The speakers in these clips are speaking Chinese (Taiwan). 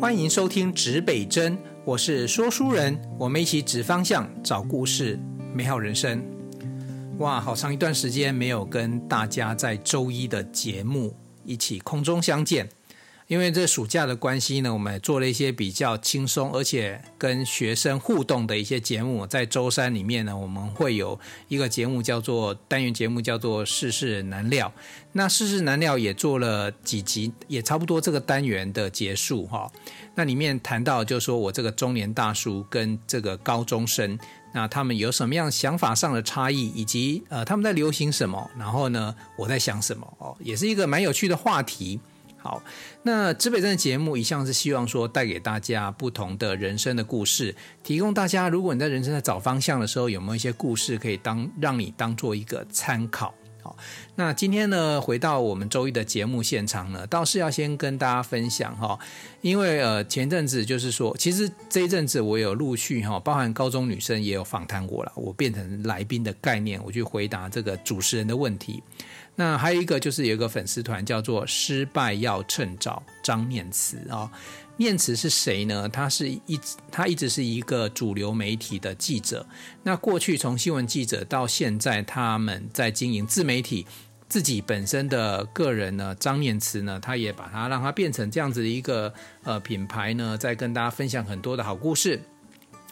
歡迎收聽指北針，我是說書仁，我們一起指方向，找故事，美好人生。哇，好長一段時間沒有跟大家在周一的節目一起空中相見。因為這暑假的關係呢，我們也做了一些比較輕鬆，而且跟學生互動的一些節目。在周三裡面呢，我們會有一個節目，叫做單元節目，叫做《世事難料》。那《世事難料》也做了幾集，也差不多這個單元的結束哈。那裡面談到，就是說我這個中年大叔跟這個高中生，那他們有什麼樣想法上的差異，以及呃，他們在流行什麼，然後呢，我在想什麼哦，也是一個蠻有趣的話題。好，那指北針的節目一向是希望說帶給大家不同的人生的故事，提供大家，如果你在人生在找方向的時候，有沒有一些故事可以當讓你當做一個參考？好，那今天呢，回到我們週一的節目現場呢，倒是要先跟大家分享哈、哦，因為呃前陣子就是說，其實這一陣子我有陸續哈、哦，包含高中女生也有訪談過了，我變成來賓的概念，我去回答這個主持人的問題。那還有一個就是有一個粉絲團叫做“失敗要趁早”，張念慈啊，哦，念慈是誰呢？他是一他一直是一個主流媒體的記者。那過去從新聞記者到現在，他們在經營自媒體，自己本身的個人呢，張念慈呢，他也把它讓它變成這樣子的一個呃品牌呢，在跟大家分享很多的好故事。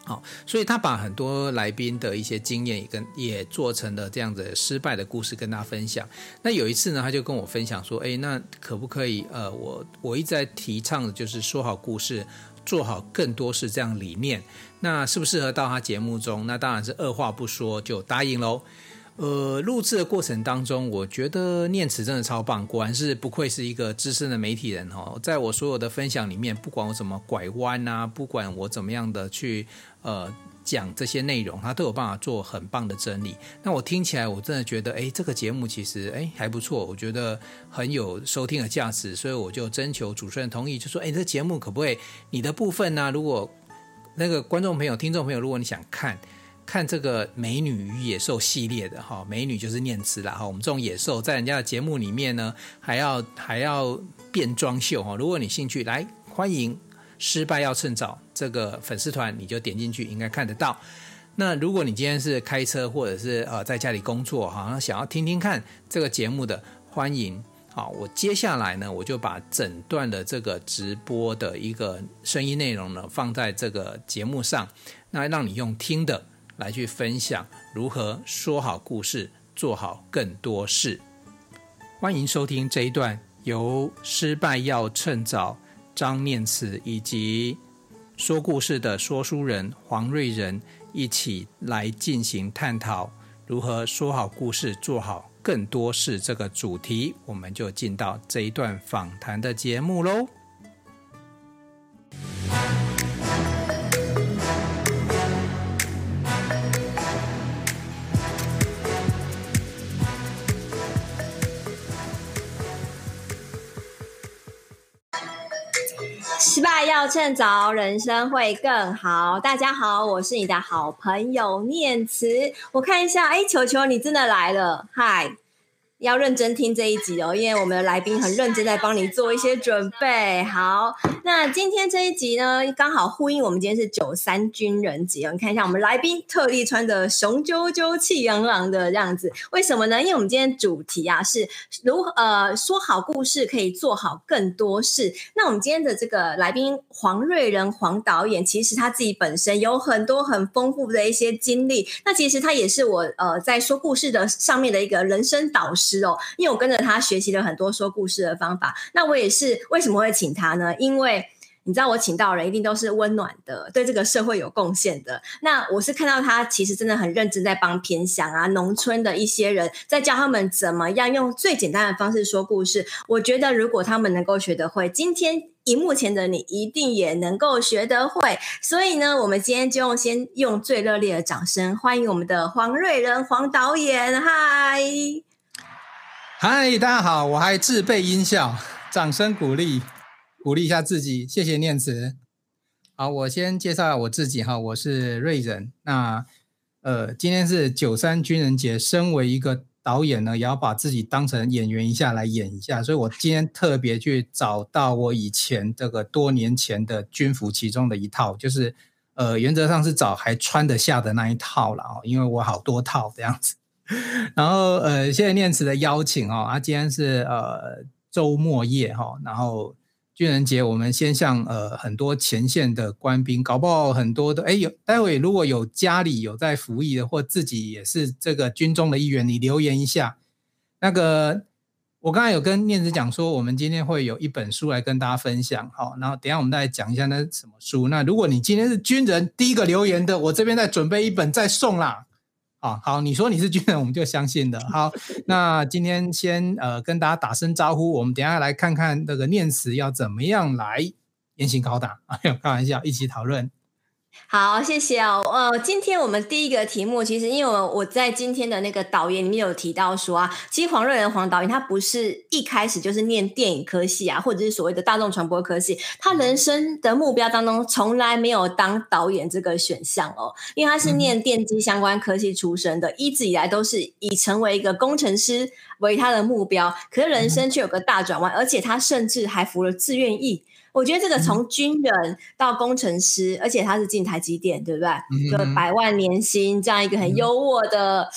好，所以他把很多來賓的一些經驗也跟也做成了這樣子失敗的故事跟大家分享。那有一次呢，他就跟我分享說：“誒，那可不可以？呃，我我一直在提倡的就是說好故事，做好更多事這樣理念。那適不適合到他節目中？那當然是二話不說就答應嘍。”呃，錄製的過程當中，我覺得念慈真的超棒，果然是不愧是一個資深的媒體人哦。在我所有的分享裡面，不管我怎麼拐彎啊，不管我怎麼樣的去呃講這些內容，他都有辦法做很棒的整理。那我聽起來，我真的覺得，哎，這個節目其實哎還不錯，我覺得很有收聽的價值，所以我就徵求主持人同意，就說，哎，這節目可不可以，你的部分呢、啊？如果那個觀眾朋友、聽眾朋友，如果你想看。看這個美女與野獸系列的哈，美女就是念慈啦哈，我們這種野獸在人家的節目裡面呢，還要還要變裝秀哈。如果你興趣來，歡迎失敗要趁早，這個粉絲團你就點進去，應該看得到。那如果你今天是開車或者是呃在家裡工作，哈，想要聽聽看這個節目的，歡迎。好，我接下來呢，我就把整段的這個直播的一個聲音內容呢，放在這個節目上，那讓你用聽的。來去分享如何說好故事，做好更多事。歡迎收聽這一段由失敗要趁早張念慈以及說故事的說書人黃瑞仁一起來進行探討如何說好故事，做好更多事這個主題，我們就進到這一段訪談的節目嘍。要趁早，人生會更好。大家好，我是你的好朋友念慈。我看一下，哎，球球，你真的來了。嗨。要認真聽這一集哦，因為我們的來賓很認真在幫你做一些準備。好，那今天這一集呢，剛好呼應我們今天是九三軍人節哦。你看一下，我們來賓特地穿的雄赳赳氣昂昂的樣子，為什麼呢？因為我們今天主題啊是如何呃說好故事可以做好更多事。那我們今天的這個來賓黃瑞仁黃導演，其實他自己本身有很多很豐富的一些經歷。那其實他也是我呃在說故事的上面的一個人生導師。因為我跟着他學習了很多說故事的方法。那我也是為什麼會請他呢？因為你知道我請到的人一定都是溫暖的，對這個社會有貢獻的。那我是看到他其實真的很認真，在幫偏鄉啊、農村的一些人在教他們怎麼樣用最簡單的方式說故事。我覺得如果他們能夠學得會，今天熒幕前的你一定也能夠學得會。所以呢，我們今天就先用最熱烈的掌聲歡迎我們的黃瑞仁黃導演，嗨！嗨，Hi, 大家好！我還自備音效，掌聲鼓勵，鼓勵一下自己。謝謝念慈。好，我先介紹我自己哈，我是瑞仁。那呃，今天是九三軍人節，身為一個導演呢，也要把自己當成演員一下來演一下，所以我今天特別去找到我以前這個多年前的軍服，其中的一套，就是呃，原則上是找還穿得下的那一套了哦，因為我好多套這樣子。然後呃，謝謝念慈的邀請哦。啊，今天是呃週末夜哈，然後軍人節，我們先向呃很多前線的官兵，搞不好很多都哎，有待會如果有家裡有在服役的，或自己也是這個軍中的一員，你留言一下。那個我剛才有跟念慈講說，我們今天會有一本書來跟大家分享。好，然後等一下我們再講一下那什麼書。那如果你今天是軍人，第一個留言的，我這邊再準備一本再送啦。啊，好，你說你是軍人，我們就相信的。好，那今天先呃跟大家打聲招呼，我們等一下來看看這個念慈要怎麼樣來嚴刑拷打，哎呦，開玩笑，一起討論。好，謝謝哦，呃，今天我們第一個題目，其實因為我在今天的那個導演，裡面有提到說啊，其實黃瑞仁黃導演他不是一開始就是念電影科系啊，或者是所謂的大眾傳播科系，他人生的目標當中從來沒有當導演這個選項哦，因為他是念電機相關科系出身的，嗯、一直以來都是以成為一個工程師為他的目標，可是人生卻有個大轉彎，嗯、而且他甚至還服了志願役。我覺得這個從軍人到工程師，嗯、哼而且他是進台積電，對不對？嗯、哼就百萬年薪這樣一個很優渥的、嗯。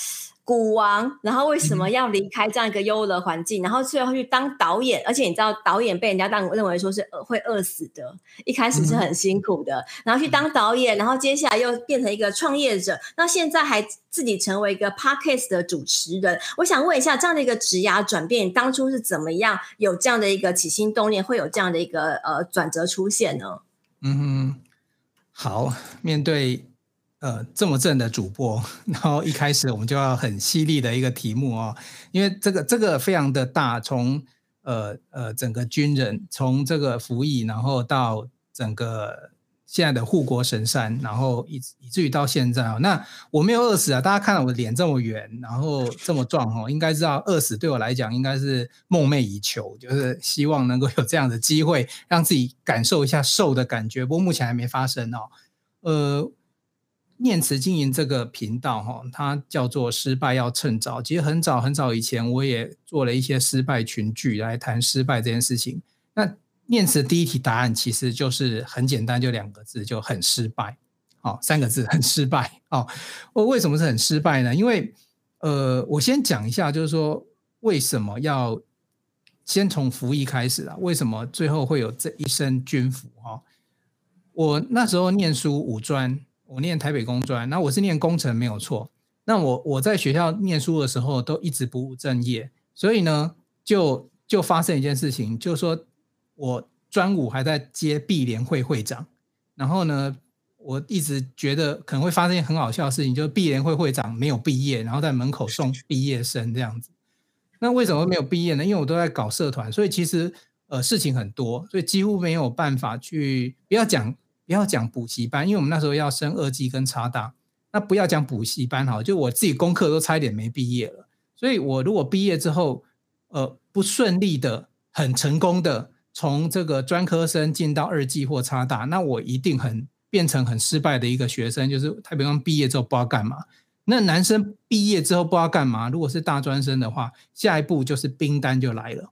股王，然後為什麼要離開這樣一個優渥環境？嗯、然後最後去當導演，而且你知道導演被人家當認為說是餓會餓死的，一開始是很辛苦的。嗯、然後去當導演，然後接下來又變成一個創業者，那現在還自己成為一個 podcast 的主持人。我想問一下，這樣的一個職涯轉變，當初是怎麼樣有這樣的一個起心動念，會有這樣的一個呃轉折出現呢？嗯哼，好，面對。呃，這麼正的主播，然後一開始我們就要很犀利的一個題目哦，因為這個這個非常的大，從呃呃整個軍人，從這個服役，然後到整個現在的護國神山，然後以以至於到現在哦，那我沒有餓死啊，大家看到我的臉這麼圓，然後這麼壯哦，應該知道餓死對我來講應該是夢寐以求，就是希望能夠有這樣的機會，讓自己感受一下瘦的感覺，不過目前還沒發生哦，呃。念慈經營這個頻道哈、哦，它叫做“失敗要趁早”。其實很早很早以前，我也做了一些失敗群聚來談失敗這件事情。那念慈第一題答案其實就是很簡單，就兩個字，就很失敗。三個字，很失敗哦。我為什麼是很失敗呢？因為呃，我先講一下，就是說為什麼要先從服役開始啊？為什麼最後會有這一身軍服啊？我那時候念書五專。我念台北工專，那我是念工程沒有錯。那我我在學校念書的時候都一直不務正業，所以呢，就就發生一件事情，就是說我專五還在接畢聯會會長，然後呢，我一直覺得可能會發生一件很好笑的事情，就是畢聯會會長沒有畢業，然後在門口送畢業生這樣子。那為什麼沒有畢業呢？因為我都在搞社團，所以其實呃事情很多，所以幾乎沒有辦法去不要講。不要講補習班，因為我們那時候要升二技跟插大，那不要講補習班哈，就我自己功課都差一點沒畢業了。所以，我如果畢業之後，呃，不順利的、很成功的從這個專科生進到二技或插大，那我一定很變成很失敗的一個學生，就是他比方畢業之後不知道幹嘛。那男生畢業之後不知道幹嘛，如果是大專生的話，下一步就是兵單就來了，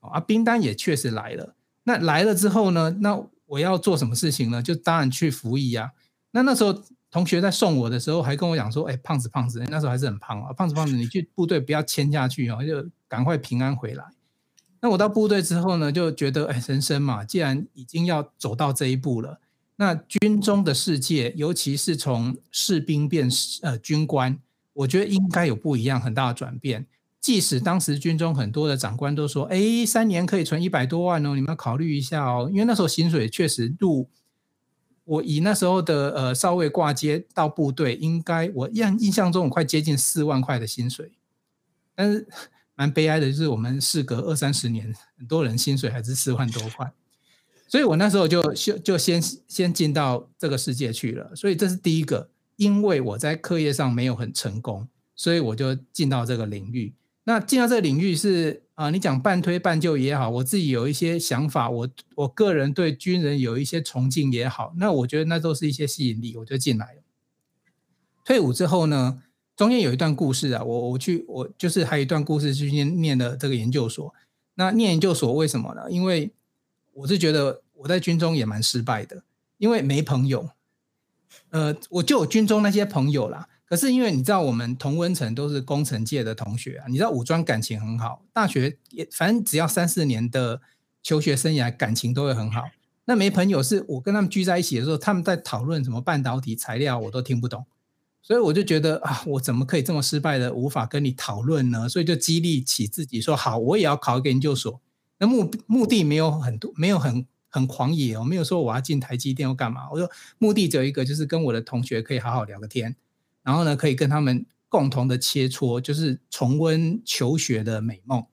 啊，兵單也確實來了。那來了之後呢，那。我要做什麼事情呢？就當然去服役啊。那那時候同學在送我的時候，還跟我講說：“哎、欸，胖子，胖子、欸，那時候還是很胖啊。胖子，胖子，你去部隊不要簽下去哦，就趕快平安回來。”那我到部隊之後呢，就覺得：“哎、欸，人生嘛，既然已經要走到這一步了，那軍中的世界，尤其是從士兵變呃軍官，我覺得應該有不一樣很大的轉變。”即使當時軍中很多的長官都說：“哎，三年可以存一百多萬哦，你們要考慮一下哦。”因為那時候薪水確實入，我以那時候的呃少尉掛接到部隊，應該我印印象中我快接近四萬塊的薪水。但是蠻悲哀的就是我們事隔二三十年，很多人薪水還是四萬多塊。所以我那時候就就就先先進到這個世界去了。所以這是第一個，因為我在課業上沒有很成功，所以我就進到這個領域。那進到這個領域是啊、呃，你講半推半就也好，我自己有一些想法，我我個人對軍人有一些崇敬也好，那我覺得那都是一些吸引力，我就進來了。退伍之後呢，中間有一段故事啊，我我去我就是還有一段故事去念念的這個研究所。那念研究所為什麼呢？因為我是覺得我在軍中也蠻失敗的，因為沒朋友。呃，我就有軍中那些朋友啦。可是因為你知道，我們同溫層都是工程界的同學啊。你知道，武裝感情很好，大學也反正只要三四年的求學生涯感情都會很好。那沒朋友是我跟他們聚在一起的時候，他們在討論什麼半導體材料，我都聽不懂。所以我就覺得啊，我怎麼可以這麼失敗的無法跟你討論呢？所以就激勵起自己說，好，我也要考一個研究所。那目目的沒有很多，沒有很很狂野我、喔、沒有說我要進台積電要幹嘛。我說目的只有一個，就是跟我的同學可以好好聊個天。然後呢，可以跟他們共同的切磋，就是重溫求學的美夢。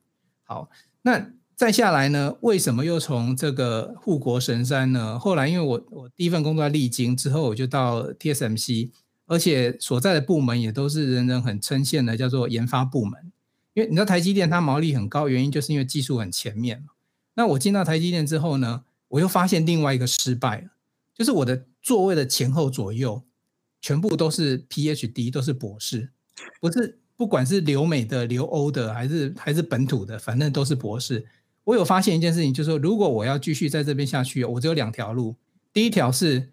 好，那再下來呢？為什麼又從這個護國神山呢？後來因為我我第一份工作在麗晶之後，我就到 TSMC，而且所在的部門也都是人人很稱羨的，叫做研發部門。因為你知道台積電它毛利很高，原因就是因為技術很前面嘛。那我進到台積電之後呢，我又發現另外一個失敗了，就是我的座位的前後左右。全部都是 PhD，都是博士。不是，不管是留美的、留歐的，還是還是本土的，反正都是博士。我有發現一件事情，就是說，如果我要繼續在這邊下去，我只有兩條路。第一條是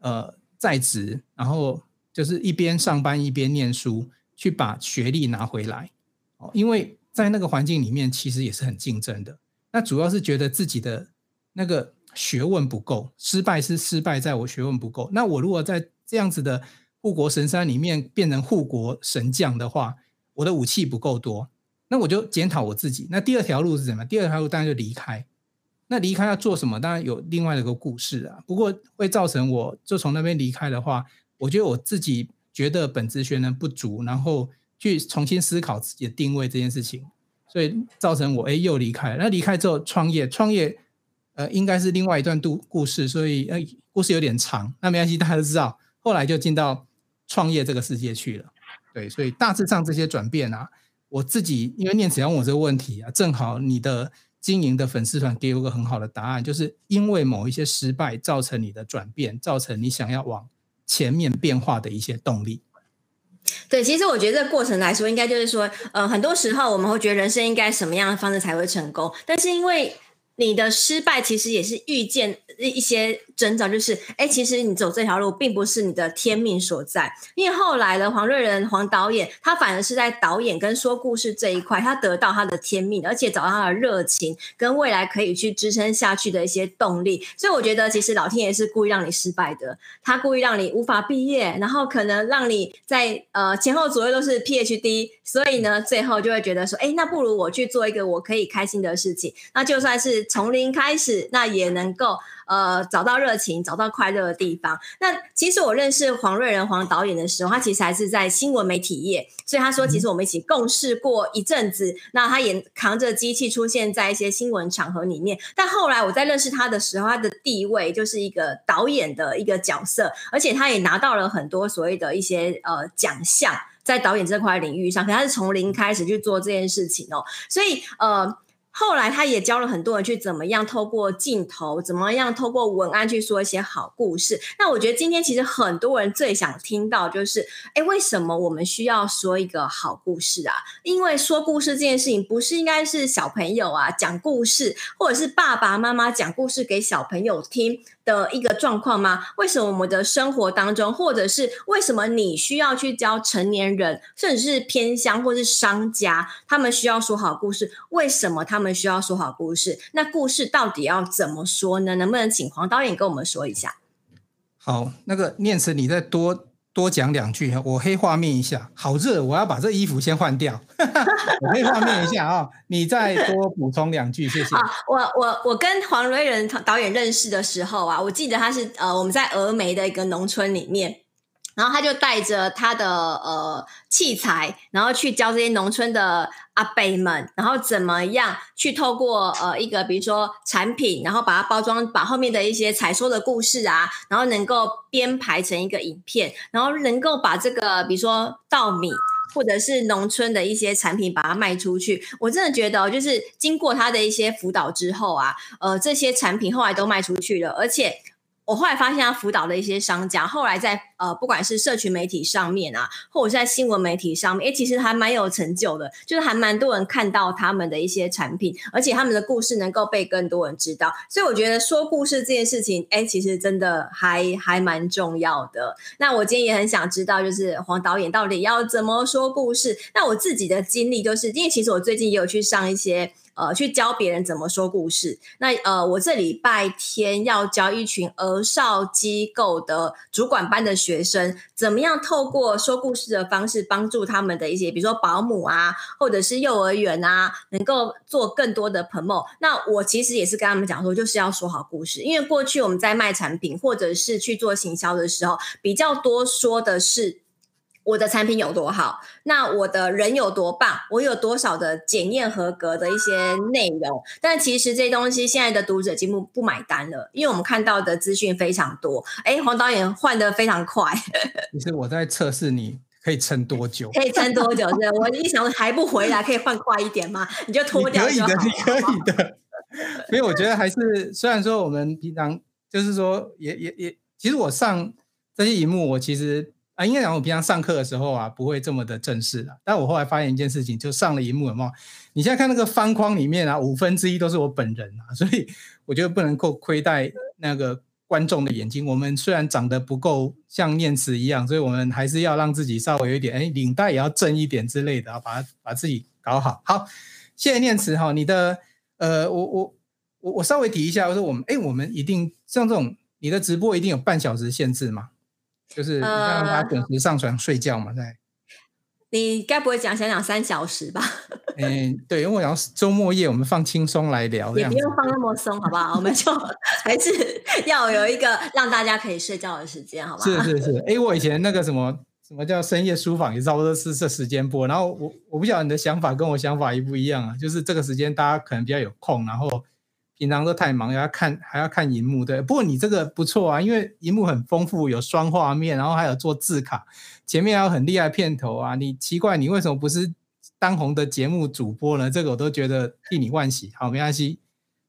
呃在職，然後就是一邊上班一邊念書，去把學歷拿回來。哦，因為在那個環境裡面，其實也是很競爭的。那主要是覺得自己的那個學問不夠，失敗是失敗在我學問不夠。那我如果在這樣子的護國神山裡面變成護國神將的話，我的武器不夠多，那我就檢討我自己。那第二條路是什麼？第二條路當然就離開。那離開要做什麼？當然有另外的一個故事啊。不過會造成我就從那邊離開的話，我覺得我自己覺得本職學能不足，然後去重新思考自己的定位這件事情，所以造成我哎、欸、又離開。那離開之後創業，創業呃應該是另外一段故故事，所以、呃、故事有點長。那沒關係，大家都知道。後來就進到創業這個世界去了，對，所以大致上這些轉變啊，我自己因為念慈要問我這個問題啊，正好你的經營的粉絲團給我個很好的答案，就是因為某一些失敗造成你的轉變，造成你想要往前面變化的一些動力。對，其實我覺得這個過程來說，應該就是說，呃，很多時候我們會覺得人生應該什麼樣的方式才會成功，但是因為你的失敗，其實也是遇見一些。徵兆就是，哎、欸，其實你走這條路並不是你的天命所在，因為後來的黃瑞仁黃導演，他反而是在導演跟說故事這一塊，他得到他的天命，而且找到他的熱情跟未來可以去支撐下去的一些動力。所以我覺得，其實老天爺是故意讓你失敗的，他故意讓你無法畢業，然後可能讓你在呃前後左右都是 PhD，所以呢，最後就會覺得說，哎、欸，那不如我去做一個我可以開心的事情，那就算是從零開始，那也能夠。呃，找到熱情，找到快樂的地方。那其實我認識黃瑞仁黃導演的時候，他其實還是在新聞媒體業，所以他說，其實我們一起共事過一陣子。嗯、那他也扛着機器出現在一些新聞場合裡面。但後來我在認識他的時候，他的地位就是一個導演的一個角色，而且他也拿到了很多所謂的一些呃獎項，獎項在導演這塊領域上。可是他是從零開始去做這件事情哦，所以呃。後來他也教了很多人去怎麼樣透過鏡頭，怎麼樣透過文案去說一些好故事。那我覺得今天其實很多人最想聽到就是，誒，為什麼我們需要說一個好故事啊？因為說故事這件事情，不是應該是小朋友啊，講故事，或者是爸爸媽媽講故事給小朋友聽。的一個狀況嗎？為什麼我們的生活當中，或者是為什麼你需要去教成年人，甚至是偏鄉或是商家，他們需要說好故事？為什麼他們需要說好故事？那故事到底要怎麼說呢？能不能請黃導演跟我們說一下？好，那個念慈，你再多。多講兩句，我黑畫面一下，好熱，我要把這衣服先換掉。 我黑畫面一下啊、哦！ 你再多補充兩句，謝謝。啊、我我我跟黃瑞人導演認識的時候啊，我記得他是呃，我們在峨眉的一個農村裡面。然後他就帶着他的呃器材，然後去教這些農村的阿伯們，然後怎麼樣去透過呃一個比如說產品，然後把它包裝，把後面的一些採收的故事啊，然後能夠編排成一個影片，然後能夠把這個比如說稻米或者是農村的一些產品把它賣出去。我真的覺得，就是經過他的一些輔導之後啊，呃，這些產品後來都賣出去了，而且。我後來發現，他輔導的一些商家，後來在呃，不管是社群媒體上面啊，或者是在新聞媒體上面，哎、欸，其實還蠻有成就的，就是還蠻多人看到他們的一些產品，而且他們的故事能夠被更多人知道。所以我覺得說故事這件事情，哎、欸，其實真的還還蠻重要的。那我今天也很想知道，就是黃導演到底要怎麼說故事？那我自己的經歷就是，因為其實我最近也有去上一些。呃，去教別人怎麼說故事。那呃，我這禮拜天要教一群兒少機構的主管班的學生，怎麼樣透過說故事的方式，幫助他們的一些，比如說保姆啊，或者是幼兒園啊，能夠做更多的 promote。那我其實也是跟他們講說，就是要說好故事，因為過去我們在賣產品或者是去做行銷的時候，比較多說的是。我的產品有多好？那我的人有多棒？我有多少的檢驗合格的一些內容？但其實這東西，現在的讀者節目不買單了，因為我們看到的資訊非常多。哎、欸，黃導演換得非常快。 其實我在測試你可以撐多久？可以撐多久？是我一想還不回來，可以換快一點嗎？ 你就脫掉就好。可以的，可以的。好嗎 所以我覺得還是，雖然說我們平常就是說也，也也也，其實我上這些熒幕，我其實。啊，因為然後我平常上課的時候啊，不會這麼的正式的、啊。但我後來發現一件事情，就上了螢幕有沒有？你現在看那個方框裡面啊，五分之一都是我本人啊，所以我覺得不能夠虧待那個觀眾的眼睛。我們雖然長得不夠像念慈一樣，所以我們還是要讓自己稍微有一點，哎、欸，領帶也要正一點之類的，把把自己搞好。好，謝謝念慈哈、哦，你的呃，我我我我稍微提一下，我說我們哎、欸，我們一定像這種，你的直播一定有半小時限制嗎？就是你讓他準時上床睡覺嘛，在你該不會講講兩三小時吧？ 嗯，對，因為我要週末夜我們放輕鬆來聊，也不用放那麼鬆，好不好？我們就還是要有一個讓大家可以睡覺的時間，好吧？是是是，哎、欸，我以前那個什麼什麼叫深夜書房也差不多是這時間播，然後我我不曉得你的想法跟我想法一不一樣啊？就是這個時間大家可能比較有空，然後。平常都太忙，要看還要看熒幕，對。不過你這個不錯啊，因為熒幕很豐富，有雙畫面，然後還有做字卡，前面還有很厲害片頭啊。你奇怪你為什麼不是當紅的節目主播呢？這個我都覺得替你惋惜，好，沒關係。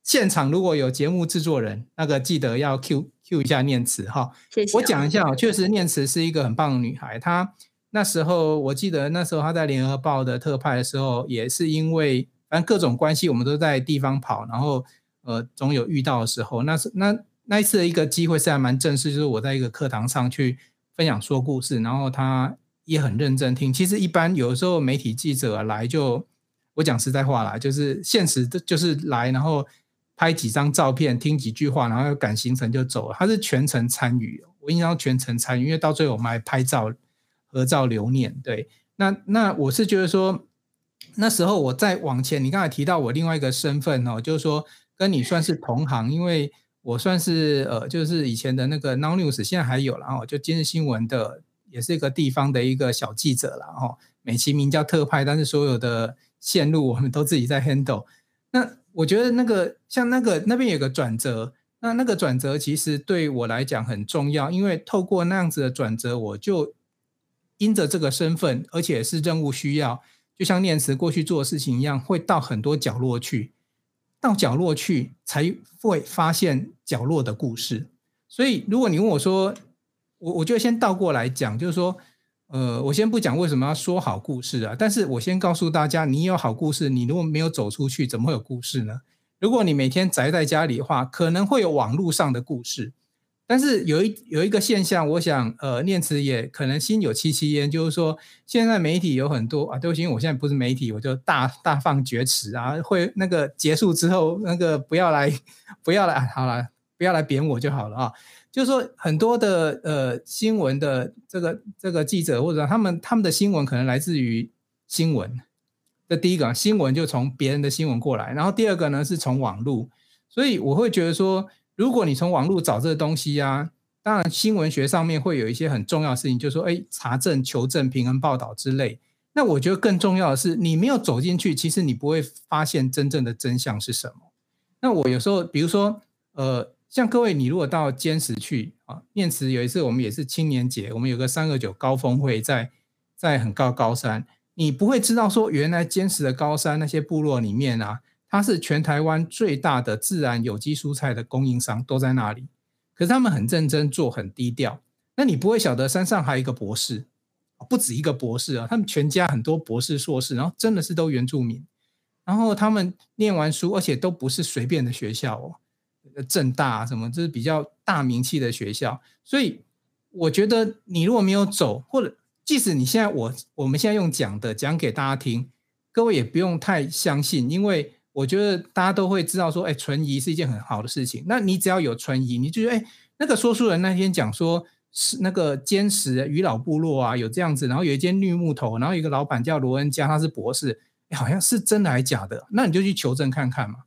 現場如果有節目制作人，那個記得要 Q Q 一下念慈哈。謝謝。我講一下啊、哦，確實念慈是一個很棒的女孩。她那時候我記得那時候她在聯合報的特派的時候，也是因為反正各種關係，我們都在地方跑，然後。呃，總有遇到的時候，那是那那一次的一個機會是還蠻正式，就是我在一個課堂上去分享說故事，然後他也很認真聽。其實一般有時候媒體記者啊，來就，我講實在話啦，就是現實的就是來，然後拍幾張照片，聽幾句話，然後趕行程就走了。他是全程參與，我印象全程參與，因為到最後我們還拍照合照留念。對，那那我是覺得說那時候我再往前，你剛才提到我另外一個身份哦，就是說。跟你算是同行，因為我算是呃，就是以前的那個《Now News》，現在還有，然後就今日新聞的，也是一個地方的一個小記者了，然、哦、後美其名叫特派，但是所有的線路我們都自己在 handle。那我覺得那個像那個那邊有個轉折，那那個轉折其實對我來講很重要，因為透過那樣子的轉折，我就因着這個身份，而且是任務需要，就像念慈過去做的事情一樣，會到很多角落去。到角落去才會發現角落的故事。所以，如果你問我說，我我就先倒過來講，就是說，呃，我先不講為什麼要說好故事啊。但是我先告訴大家，你有好故事，你如果沒有走出去，怎麼會有故事呢？如果你每天宅在家裡的話，可能會有網路上的故事。但是有一有一個現象，我想，呃，念慈也可能心有戚戚焉，就是說，現在媒體有很多啊，對不起，因為我現在不是媒體，我就大大放厥詞啊，會那個結束之後，那個不要來，不要來，啊、好了，不要來貶我就好了啊。就是說，很多的呃新聞的這個這個記者，或者他們他們的新聞可能來自於新聞，這第一個新聞就從別人的新聞過來，然後第二個呢是從網絡，所以我會覺得說。如果你從網絡找這個東西啊，當然新聞學上面會有一些很重要的事情，就是說，哎，查證、求證、平衡報道之類。那我覺得更重要的是，你沒有走進去，其實你不會發現真正的真相是什麼。那我有時候，比如說，呃，像各位，你如果到尖石去啊，念慈有一次我們也是青年節，我們有個三二九高峰會在在很高高山，你不會知道說原來尖石的高山那些部落裡面啊。他是全台灣最大的自然有機蔬菜的供應商，都在那裡。可是他們很認真做，很低調。那你不會曉得山上還有一個博士，不止一個博士啊，他們全家很多博士、碩士，然後真的是都原住民。然後他們念完書，而且都不是隨便的學校哦，政大啊什麼，這就是比較大名氣的學校。所以我覺得你如果沒有走，或者即使你現在我我們現在用講的講給大家聽，各位也不用太相信，因為。我覺得大家都會知道說，哎，存疑是一件很好的事情。那你只要有存疑，你就覺得，哎，那個說書人那天講說是那個尖石宇老部落啊，有這樣子，然後有一間綠木頭，然後一個老闆叫羅恩加，他是博士，哎，好像是真的還是假的？那你就去求證看看嘛。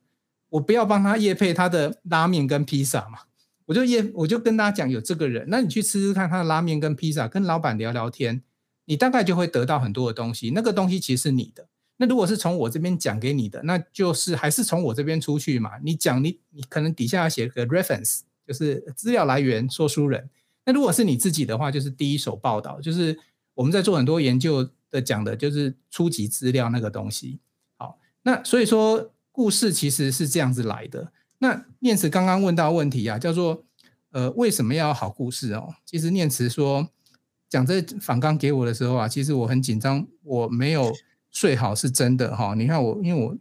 我不要幫他業配他的拉面跟披薩嘛，我就業我就跟大家講有這個人，那你去吃吃看他的拉面跟披薩，跟老闆聊聊天，你大概就會得到很多的東西。那個東西其實是你的。那如果是從我這邊講給你的，那就是還是從我這邊出去嘛。你講你你可能底下要寫個 reference，就是資料來源、說書仁。那如果是你自己的話，就是第一手報道，就是我們在做很多研究的講的，就是初級資料那個東西。好，那所以說故事其實是這樣子來的。那念慈剛剛問到問題啊，叫做呃為什麼要好故事哦？其實念慈說講這訪綱給我的時候啊，其實我很緊張，我沒有。最好是真的哈，你看我，因為我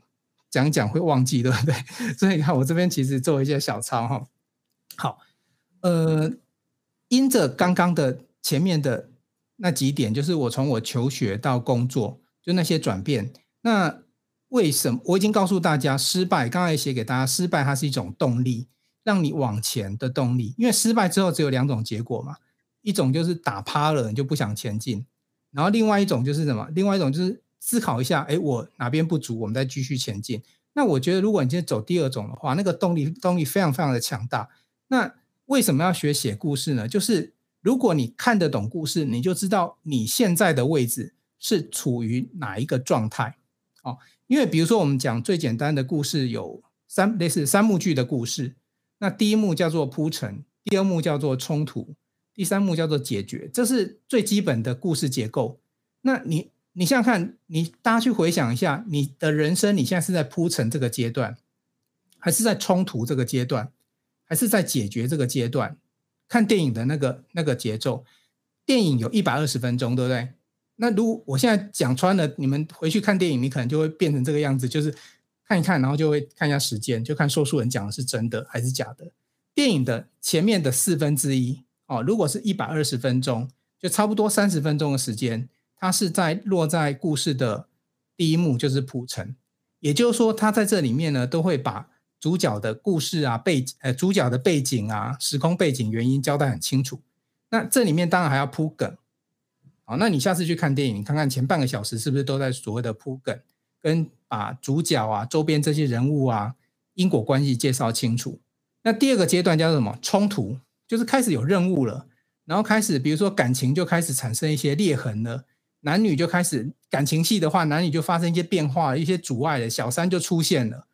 講講會忘記，對不對？所以你看我這邊其實做一些小抄哈。好，呃，因着剛剛的前面的那幾點，就是我從我求學到工作，就那些轉變。那為什麼我已經告訴大家失敗？剛才也寫給大家，失敗它是一種動力，讓你往前的動力。因為失敗之後只有兩種結果嘛，一種就是打趴了，你就不想前進；然後另外一種就是什麼？另外一種就是。思考一下，誒，我哪邊不足，我們再繼續前進。那我覺得，如果你今天走第二種的話，那個動力動力非常非常的強大。那為什麼要學寫故事呢？就是如果你看得懂故事，你就知道你現在的位置是處於哪一個狀態。哦，因為比如說我們講最簡單的故事有三類似三幕劇的故事，那第一幕叫做鋪陳，第二幕叫做衝突，第三幕叫做解決，這是最基本的故事結構。那你。你想想看你，大家去回想一下，你的人生你現在是在鋪陳這個階段，還是在衝突這個階段，還是在解決這個階段？看電影的那個那個節奏，電影有一百二十分鐘，對不對？那如果我現在講穿了，你們回去看電影，你可能就會變成這個樣子，就是看一看，然後就會看一下時間，就看說書仁講的是真的還是假的。電影的前面的四分之一，哦，如果是一百二十分鐘，就差不多三十分鐘的時間，它是在落在故事的第一幕，就是鋪陳，也就是說，它在這裡面呢，都會把主角的故事啊、背景、哎，主角的背景啊、時空背景、原因交代很清楚。那這裡面當然還要鋪梗，好，那你下次去看電影，看看前半個小時是不是都在所謂的鋪梗，跟把主角啊、周邊這些人物啊、因果關係介紹清楚。那第二個階段叫做什麼？衝突，就是開始有任務了，然後開始，比如說感情就開始產生一些裂痕了。男女就開始感情戲的話，男女就發生一些變化，一些阻礙的小三就出現了。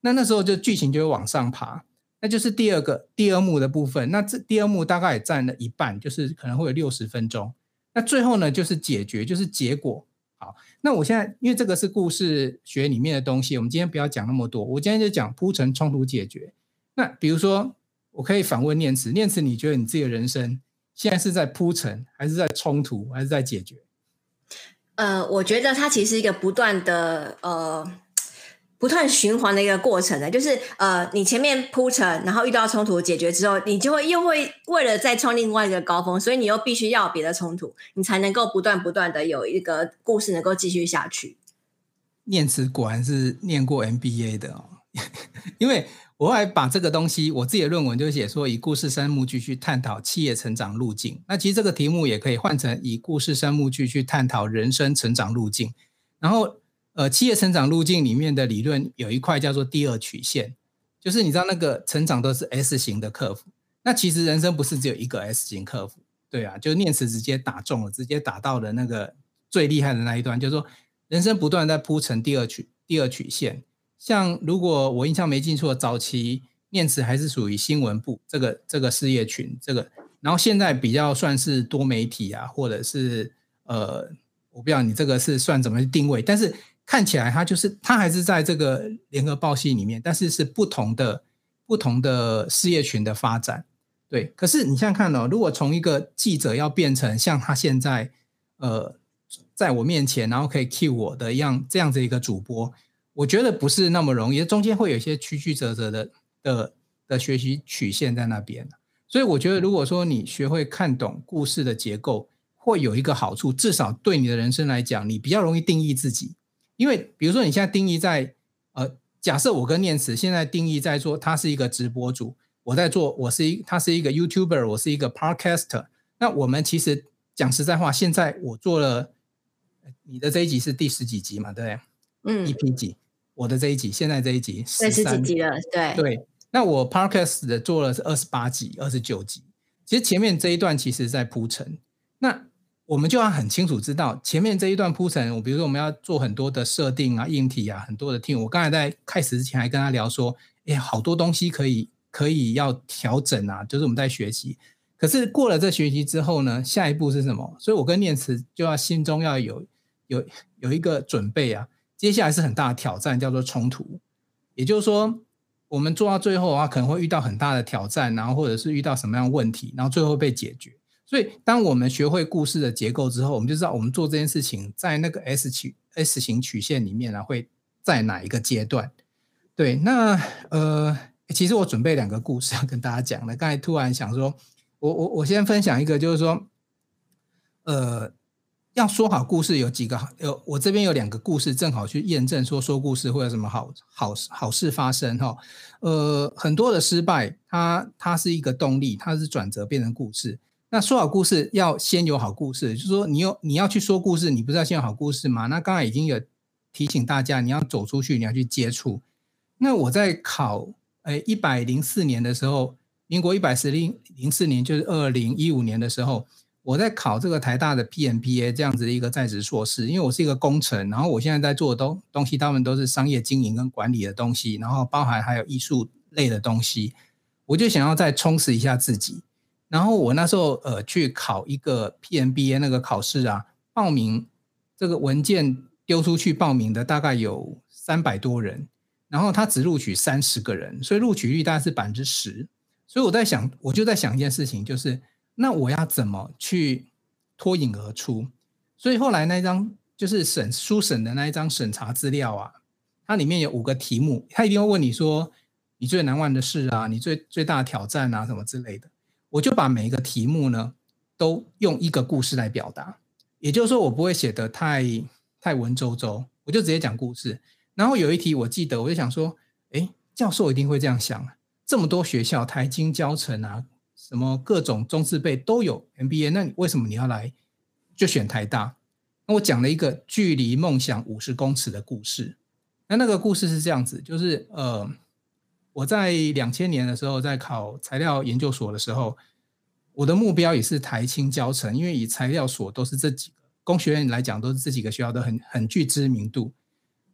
那那時候就劇情就會往上爬，那就是第二個第二幕的部分。那這第二幕大概也占了一半，就是可能會有六十分鐘。那最後呢，就是解決，就是結果。好，那我現在因為這個是故事學裡面的東西，我們今天不要講那麼多。我今天就講鋪陳、衝突、解決。那比如說，我可以反問念慈，念慈，你覺得你自己的人生現在是在鋪陳，還是在衝突，還是在解決？呃，我覺得它其實是一個不斷的呃，不斷循環的一個過程的，就是呃，你前面鋪陳，然後遇到衝突解決之後，你就會又會為了再創另外一個高峰，所以你又必須要有別的衝突，你才能夠不斷不斷的有一個故事能夠繼續下去。念慈果然是念過 MBA 的哦， 因為。我還把這個東西，我自己的論文就寫說以故事三幕劇去探討企業成長路徑。那其實這個題目也可以換成以故事三幕劇去探討人生成長路徑。然後，呃，企業成長路徑裡面的理論有一塊叫做第二曲線，就是你知道那個成長都是 S 型的克服。那其實人生不是只有一個 S 型克服，對啊，就念慈直接打中了，直接打到了那個最厲害的那一段，就是說人生不斷在鋪陳第二曲第二曲線。像如果我印象沒記錯，早期念慈還是屬於新聞部這個這個事業群，這個，然後現在比較算是多媒體啊，或者是呃，我不知道你這個是算怎麼定位，但是看起來他就是他還是在這個聯合報系裡面，但是是不同的不同的事業群的發展，對。可是你想想看哦，如果從一個記者要變成像他現在呃，在我面前然後可以 cue 我的一樣這樣子一個主播，我覺得不是那麼容易，中間會有一些曲曲折折的的的學習曲線在那邊。所以我覺得，如果說你學會看懂故事的結構，會有一個好處，至少對你的人生來講，你比較容易定義自己。因為比如說，你現在定義在呃，假設我跟念慈現在定義在說他是一個直播主，我在做，我是一，他是一個 YouTuber，我是一個 Podcaster。那我們其實講實在話，現在我做了你的這一集是第十幾集嘛，對不、啊、對，嗯，EP 幾？我的這一集，現在這一集，對 13, 是幾集了？對對。那我 Podcast 的做了是二十八集，二十九集。其實前面這一段其實在鋪陳。那我們就要很清楚知道，前面這一段鋪陳，我比如說我們要做很多的設定啊、硬體啊、很多的聽。我剛才在開始之前還跟他聊說，哎，好多東西可以可以要調整啊，就是我們在學習。可是過了這學習之後呢，下一步是什麼？所以我跟念慈就要心中要有有有一個準備啊。接下來是很大的挑戰，叫做衝突。也就是說，我們做到最後啊，可能會遇到很大的挑戰，然後或者是遇到什麼樣的問題，然後最後被解決。所以，當我們學會故事的結構之後，我們就知道我們做這件事情在那個 S 曲 S 型曲線裡面呢，啊，會在哪一個階段。對，那呃，其實我準備兩個故事要跟大家講的。剛才突然想說，我我我先分享一個，就是說，呃。要說好故事，有幾個好有我這邊有兩個故事，正好去驗證說說故事會有什麼好好好事發生哈、哦。呃，很多的失敗它，它它是一個動力，它是轉折變成故事。那說好故事要先有好故事，就是說你有你要去說故事，你不是要先有好故事嗎？那剛才已經有提醒大家，你要走出去，你要去接觸。那我在考誒一百零四年的時候，民國一百四零零四年，就是二零一五年的時候。我在考這個台大的 PMPA 這樣子的一個在職碩士，因為我是一個工程，然後我現在在做的東東西，他們都是商業經營跟管理的東西，然後包含還有藝術類的東西，我就想要再充實一下自己。然後我那時候呃去考一個 PMPA 那個考試啊，報名這個文件丟出去，報名的大概有三百多人，然後他只錄取三十個人，所以錄取率大概是百分之十。所以我在想，我就在想一件事情，就是，那我要怎麼去脫穎而出？所以後來那一張就是審書審的那一張審查資料啊，它裡面有五個題目，他一定會問你說你最難忘的事啊，你最最大挑戰啊，什麼之類的。我就把每一個題目呢，都用一個故事來表達，也就是說我不會寫得太太文縐縐，我就直接講故事。然後有一題我記得，我就想說，誒，教授一定會這樣想，這麼多學校台清交成啊。什麼各種中資輩都有 MBA，那你為什麼你要來就選台大？那我講了一個距離夢想五十公尺的故事。那那個故事是這樣子，就是呃，我在兩千年的時候在考材料研究所的時候，我的目標也是台清交成，因為以材料所都是這幾個，工學院來講，都是這幾個學校都很很具知名度。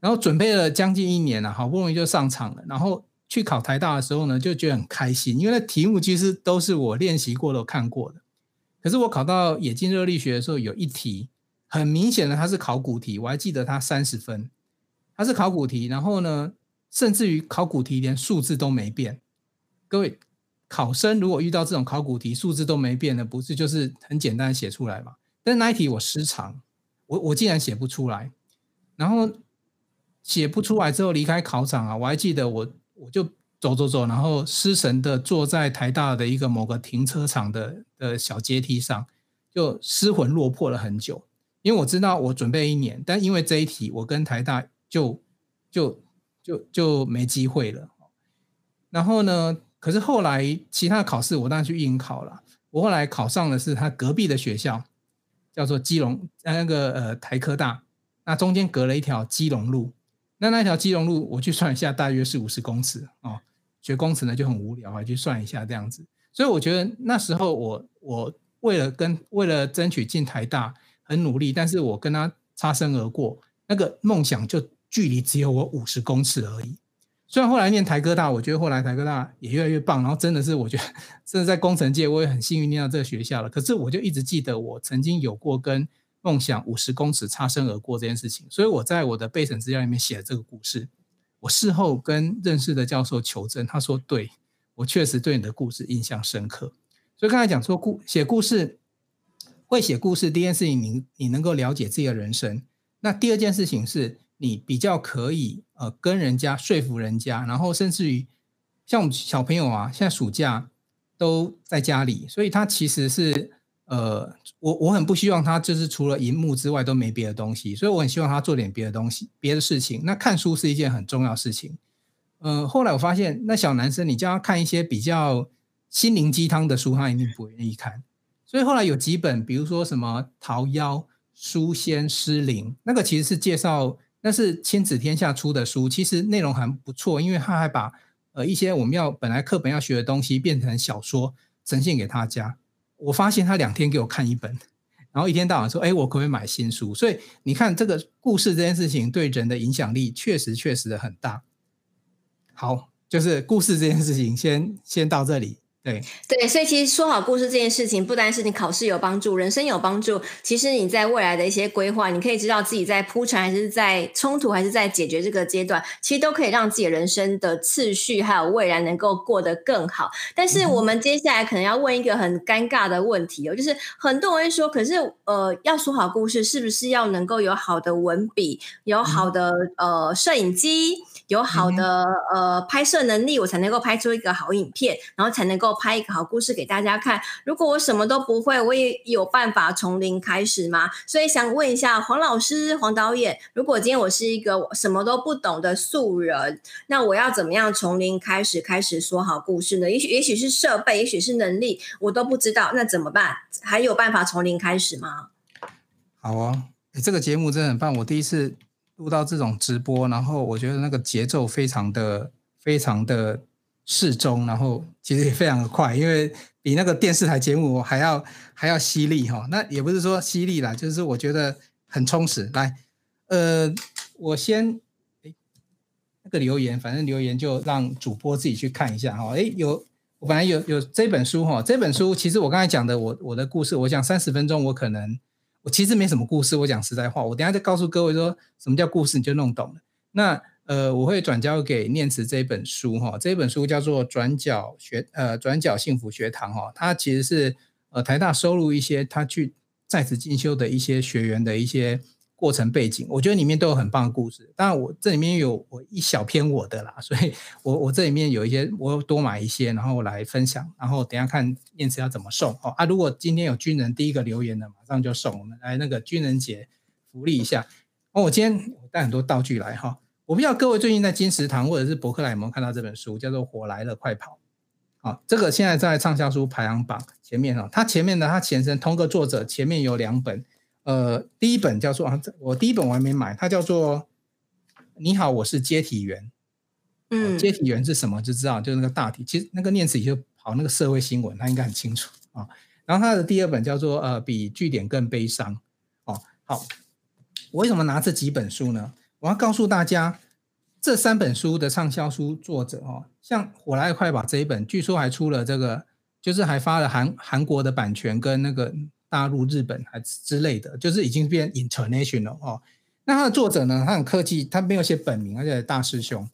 然後準備了將近一年了，啊，好不容易就上場了，然後，去考台大的時候呢，就覺得很開心，因為那題目其實都是我練習過的、都看過的。可是我考到冶金熱力學的時候，有一題很明顯的，它是考古題。我還記得它三十分，它是考古題。然後呢，甚至於考古題連數字都沒變。各位考生如果遇到這種考古題，數字都沒變的，不是就是很簡單寫出來嘛？但那一題我失常，我我竟然寫不出來。然後寫不出來之後離開考場啊，我還記得我。我就走走走，然後失神的坐在台大的一個某個停車場的的小階梯上，就失魂落魄了很久。因為我知道我準備一年，但因為這一題，我跟台大就就就就就沒機會了。然後呢，可是後來其他考試，我當然去應考了。我後來考上的是他隔壁的學校，叫做基隆，在那個呃台科大，那中間隔了一條基隆路。那那條基隆路，我去算一下，大約是五十公尺哦。學工程的就很無聊啊，去算一下這樣子。所以我覺得那時候我我為了跟為了爭取進台大很努力，但是我跟他擦身而過，那個夢想就距離只有我五十公尺而已。雖然後來念台科大，我覺得後來台科大也越來越棒，然後真的是我覺得真的在工程界我也很幸運念到這個學校了。可是我就一直記得我曾經有過跟夢想五十公尺擦身而過這件事情，所以我在我的備審資料裡面寫了這個故事。我事後跟認識的教授求證，他說對，我確實對你的故事印象深刻。所以剛才講說故寫故事，會寫故事，第一件事情你你能夠了解自己的人生，那第二件事情是你比較可以呃跟人家說服人家，然後甚至於像我們小朋友啊，現在暑假都在家裡，所以他其實是。呃，我我很不希望他就是除了熒幕之外都沒別的東西，所以我很希望他做點別的東西，別的事情。那看書是一件很重要的事情。呃，後來我發現，那小男生你叫他看一些比較心靈雞湯的書，他一定不願意看。所以後來有幾本，比如說什麼《桃夭書仙詩靈》，那個其實是介紹，那是親子天下出的書，其實內容還不錯，因為他還把呃一些我們要本來課本要學的東西變成小說呈現給大家。我發現他兩天給我看一本，然後一天到晚說：“哎、欸，我可不可以買新書？”所以你看，這個故事這件事情對人的影響力確實確實的很大。好，就是故事這件事情先，先先到這裡。對，對，所以其實說好故事這件事情，不單是你考試有幫助，人生有幫助。其實你在未來的一些規劃，你可以知道自己在鋪陳還是在衝突還是在解決這個階段，其實都可以讓自己人生的次序還有未來能夠過得更好。但是我們接下來可能要問一個很尷尬的問題哦，就是很多人會說，可是呃，要說好故事，是不是要能夠有好的文筆，有好的、嗯、呃攝影機？有好的、mm hmm. 呃拍攝能力，我才能夠拍出一個好影片，然後才能夠拍一個好故事給大家看。如果我什麼都不會，我也有辦法從零開始嗎？所以想問一下黃老師、黃導演，如果今天我是一個什麼都不懂的素人，那我要怎麼樣從零開始開始說好故事呢？也許也許是設備，也許是能力，我都不知道，那怎麼辦？還有辦法從零開始嗎？好啊，欸，這個節目真的很棒，我第一次。錄到這種直播，然後我覺得那個節奏非常的、非常的適中，然後其實也非常的快，因為比那個電視台節目還要還要犀利哈。那也不是說犀利啦，就是我覺得很充實。來，呃，我先哎那個留言，反正留言就讓主播自己去看一下哈。哎，有我本來有有這本書哈，這本書其實我剛才講的我我的故事，我講三十分鐘我可能。我其實沒什麼故事，我講實在話，我等一下再告訴各位說什麼叫故事，你就弄懂了。那呃，我會轉交給念慈這一本書哈，這本書叫做《轉角學》呃，《轉角幸福學堂》哈，它其實是呃台大收錄一些他去在職進修的一些學員的一些。過程背景，我覺得裡面都有很棒的故事。當然，我這裡面有我一小篇我的啦，所以我我這裡面有一些，我多買一些，然後我來分享。然後等一下看念慈要怎麼送哦啊！如果今天有軍人第一個留言的，馬上就送，我們來那個軍人節福利一下。哦、我今天帶很多道具來哈、哦，我不知道各位最近在金石堂或者是博客來有沒有看到這本書，叫做《火來了快跑》啊、哦。這個現在在暢銷書排行榜前面哦，它前面的它前身同個作者前面有兩本。呃，第一本叫做啊，我第一本我還沒買，它叫做你好，我是接體員。嗯、呃，接體員是什麼就知道，就是那個大體。其實那個念慈也就跑那個社會新聞他應該很清楚啊。然後他的第二本叫做呃，比句點更悲傷。哦、啊，好，我為什麼拿這幾本書呢？我要告訴大家，這三本書的暢銷書作者哦、啊，像火來快把這一本，據說還出了這個，就是還發了韓韓國的版權跟那個。大陸、日本還之類的，就是已經變 international 哦。那他的作者呢？他很客氣，他沒有寫本名，而且大師兄。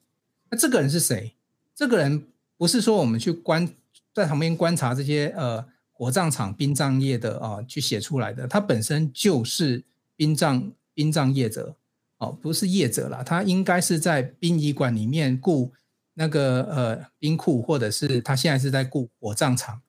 那這個人是誰？這個人不是說我們去觀在旁邊觀察這些呃火葬場、殯葬業的啊、呃、去寫出來的。他本身就是殯葬殯葬業者哦，不是業者啦。他應該是在殯儀館裡面雇那個呃冰庫，或者是他現在是在雇火葬場。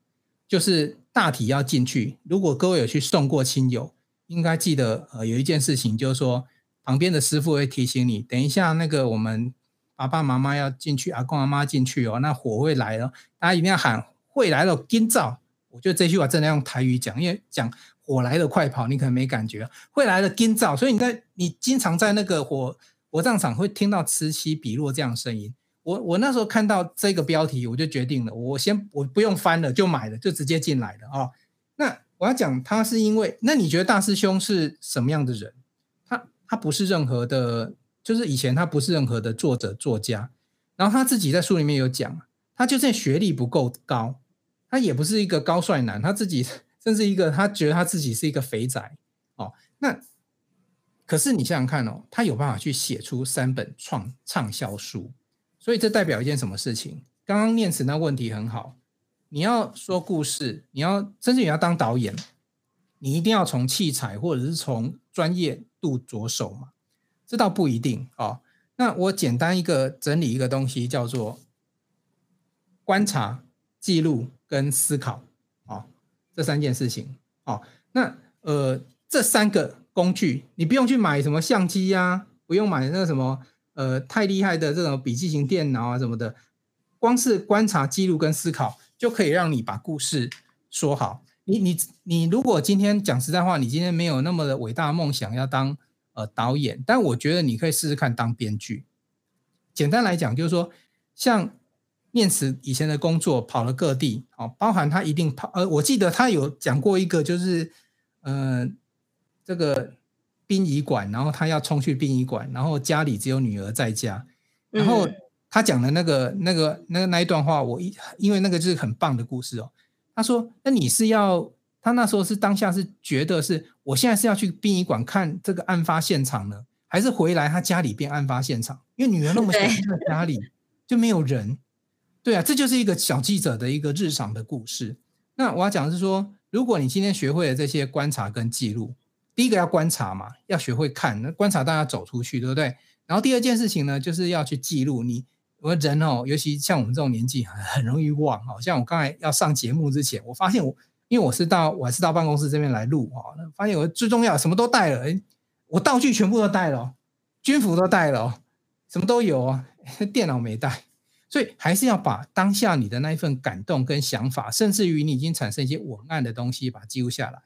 就是大體要進去。如果各位有去送過親友，應該記得呃，有一件事情，就是說旁邊的師傅會提醒你，等一下那個我們爸爸媽媽要進去，阿公阿媽進去哦，那火會來哦。大家一定要喊，會來了，緊走。我覺得這句話真的用台語講，因為講火來的快跑，你可能沒感覺，會來了，緊走。所以你在你經常在那個火火葬場會聽到此起彼落這樣的聲音。我我那時候看到這個標題，我就決定了，我先我不用翻了，就買了，就直接進來了哦。那我要講，他是因為那你覺得大師兄是什麼樣的人？他他不是任何的，就是以前他不是任何的作者作家，然後他自己在書裡面有講，他就算學歷不夠高，他也不是一個高帥男，他自己甚至一個他覺得他自己是一個肥宅哦。那可是你想想看哦，他有辦法去寫出三本創暢銷書。所以這代表一件什麼事情？剛剛念慈那問題很好，你要說故事，你要甚至也要當導演，你一定要從器材或者是從專業度着手嘛？這倒不一定哦。那我簡單一個整理一個東西，叫做觀察、記錄跟思考哦。這三件事情哦。那呃，這三個工具，你不用去買什麼相機呀、啊，不用買那個什麼。呃，太厲害的這種筆記型電腦啊，什麼的，光是觀察、記錄跟思考，就可以讓你把故事說好。你你你，你如果今天講實在話，你今天沒有那麼的偉大的夢想要當呃導演，但我覺得你可以試試看當編劇。簡單來講，就是說，像念慈以前的工作，跑了各地，哦，包含他一定跑。呃，我記得他有講過一個，就是嗯、呃，這個。殯儀館，然後他要衝去殯儀館，然後家裡只有女兒在家，嗯、然後他講的那個、那個、那個那一段話，我因為那個就是很棒的故事哦。他說：“那你是要他那時候是當下是覺得是我現在是要去殯儀館看這個案發現場呢，還是回來他家裡變案發現場？因為女兒那麼小， 在家裡就沒有人。對啊，這就是一個小記者的一個日常的故事。那我要講的是說，如果你今天學會了這些觀察跟記錄。”第一個要觀察嘛，要學會看，觀察大家走出去，對不對？然後第二件事情呢，就是要去記錄你。你我人哦，尤其像我們這種年紀，很容易忘。好像我剛才要上節目之前，我發現我，因為我是到我還是到辦公室這邊來錄啊，那發現我最重要什麼都帶了，我道具全部都帶了，軍服都帶了，什麼都有哦，電腦沒帶，所以還是要把當下你的那一份感動跟想法，甚至於你已經產生一些文案的東西，把它記錄下來。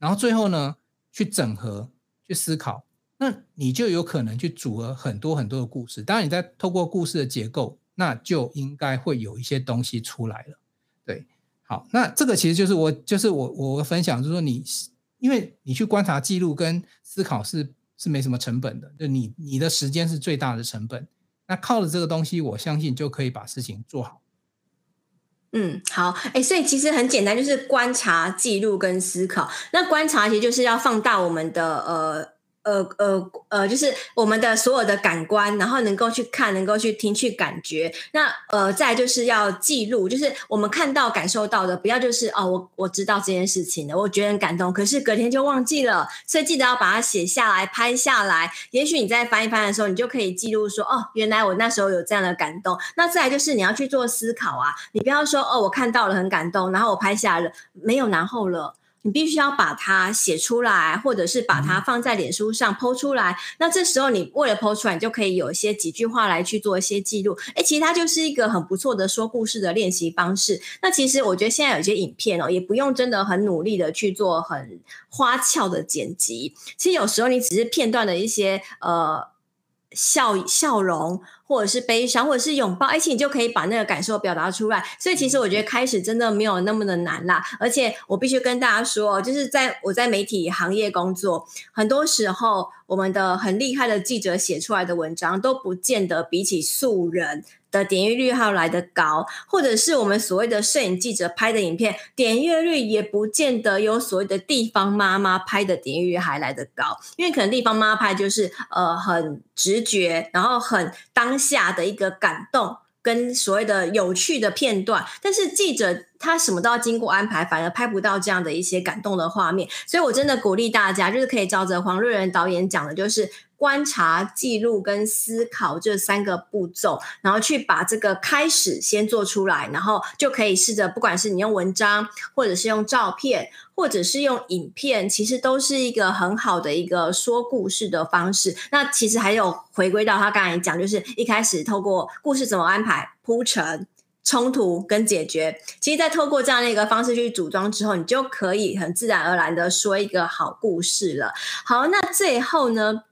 然後最後呢，去整合，去思考，那你就有可能去組合很多很多的故事。當然，你在透過故事的結構，那就應該會有一些東西出來了。對，好，那這個其實就是我，就是我，我分享就是說你，你因為你去觀察、記錄跟思考是是沒什麼成本的，就你你的時間是最大的成本。那靠着這個東西，我相信就可以把事情做好。嗯，好，哎、欸，所以其實很簡單，就是觀察、記錄跟思考。那觀察其實就是要放大我們的呃。呃呃呃，就是我們的所有的感官，然後能夠去看，能夠去聽，去感覺。那呃，再就是要記錄，就是我們看到、感受到的，不要就是哦，我我知道這件事情的，我覺得很感動，可是隔天就忘記了，所以記得要把它寫下來、拍下來。也許你在翻一翻的時候，你就可以記錄說，哦，原來我那時候有這樣的感動。那再就是你要去做思考啊，你不要說哦，我看到了很感動，然後我拍下來了，沒有然後了。你必須要把它寫出來，或者是把它放在臉書上 PO 出來。嗯、那這時候你為了 PO 出來，你就可以有一些幾句話來去做一些記錄。誒、欸、其實它就是一個很不錯的說故事的練習方式。那其實我覺得現在有一些影片哦，也不用真的很努力的去做很花俏的剪輯。其實有時候你只是片段的一些呃笑笑容，或者是悲傷，或者是擁抱，而且你就可以把那個感受表達出來。所以其實我覺得開始真的沒有那麼的難啦。而且我必須跟大家說，就是在我在媒體行業工作，很多時候我們的很厲害的記者寫出來的文章都不見得比起素人的點閱率還要來得高，或者是我們所謂的攝影記者拍的影片點閱率也不見得有所謂的地方媽媽拍的點閱率還來得高，因為可能地方媽媽拍就是呃很直覺，然後很當。下的一個感動跟所謂的有趣的片段，但是記者他什麼都要經過安排，反而拍不到這樣的一些感動的畫面，所以我真的鼓勵大家，就是可以照着黃瑞仁導演講的，就是。觀察、記錄跟思考這三個步驟，然後去把這個開始先做出來，然後就可以試着，不管是你用文章，或者是用照片，或者是用影片，其實都是一個很好的一個說故事的方式。那其實還有回歸到他剛才講，就是一開始透過故事怎麼安排、鋪陳、衝突跟解決，其實在透過這樣的一個方式去組裝之後，你就可以很自然而然的說一個好故事了。好，那最後呢？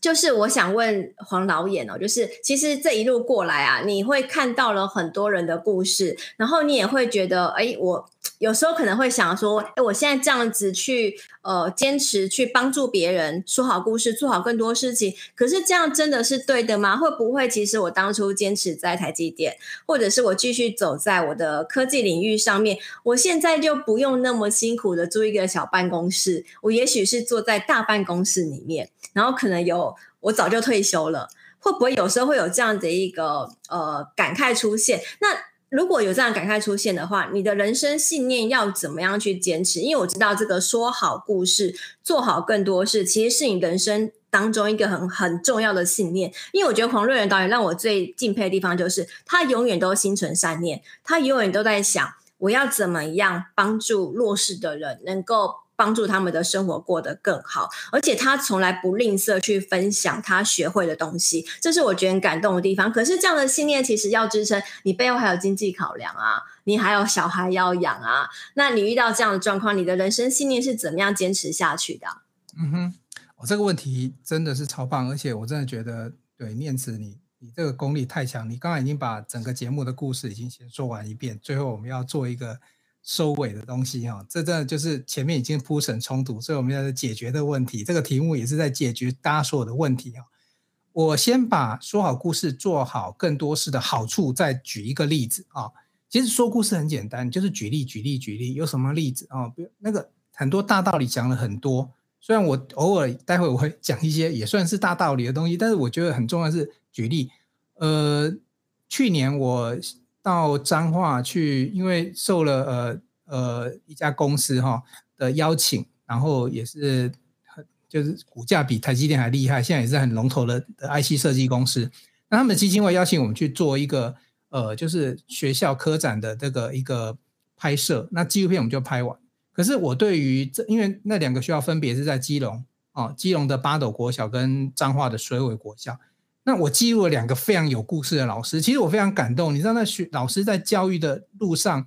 就是我想問黃導演哦，就是其實這一路過來啊，你會看到了很多人的故事，然後你也會覺得，哎，我有時候可能會想說，哎，我現在這樣子去，呃，堅持去幫助別人，說好故事，做好更多事情，可是這樣真的是對的嗎？會不會其實我當初堅持在台積電，或者是我繼續走在我的科技領域上面，我現在就不用那麼辛苦的租一個小辦公室，我也許是坐在大辦公室裡面，然後可能有。我早就退休了，會不會有時候會有這樣的一個呃感慨出現？那如果有這樣的感慨出現的話，你的人生信念要怎麼樣去堅持？因為我知道這個說好故事，做好更多事，其實是你人生當中一個很很重要的信念。因為我覺得黃瑞仁導演讓我最敬佩的地方就是，他永遠都心存善念，他永遠都在想我要怎麼樣幫助弱勢的人能夠。幫助他們的生活過得更好，而且他從來不吝嗇去分享他學會的東西，這是我覺得很感動的地方。可是這樣的信念其實要支撐你背後還有經濟考量啊，你還有小孩要養啊。那你遇到這樣的狀況，你的人生信念是怎麼樣堅持下去的、啊？嗯哼，我、哦、這個問題真的是超棒，而且我真的覺得，對念慈，你你這個功力太強，你剛才已經把整個節目的故事已經先說完一遍，最後我們要做一個。收尾的東西啊，這這就是前面已經鋪成衝突，所以我們要解決的問題。這個題目也是在解決大家所有的問題啊。我先把說好故事做好更多事的好處，再舉一個例子啊。其實說故事很簡單，就是舉例，舉例，舉例。舉例有什麼例子啊？比如那個很多大道理講了很多，雖然我偶爾待會我會講一些也算是大道理的東西，但是我覺得很重要的是舉例。呃，去年我。到彰化去，因為受了呃呃一家公司哈、哦、的邀請，然後也是很就是股價比台積電還厲害，現在也是很龍頭的，的 IC 設計公司。那他們的基金會邀請我們去做一個呃就是學校科展的這個一個拍攝，那紀錄片我們就拍完。可是我對於這，因為那兩個學校分別是在基隆哦，基隆的八斗國小跟彰化的水尾國小。那我記錄了兩個非常有故事的老師，其實我非常感動。你知道，在學老師在教育的路上，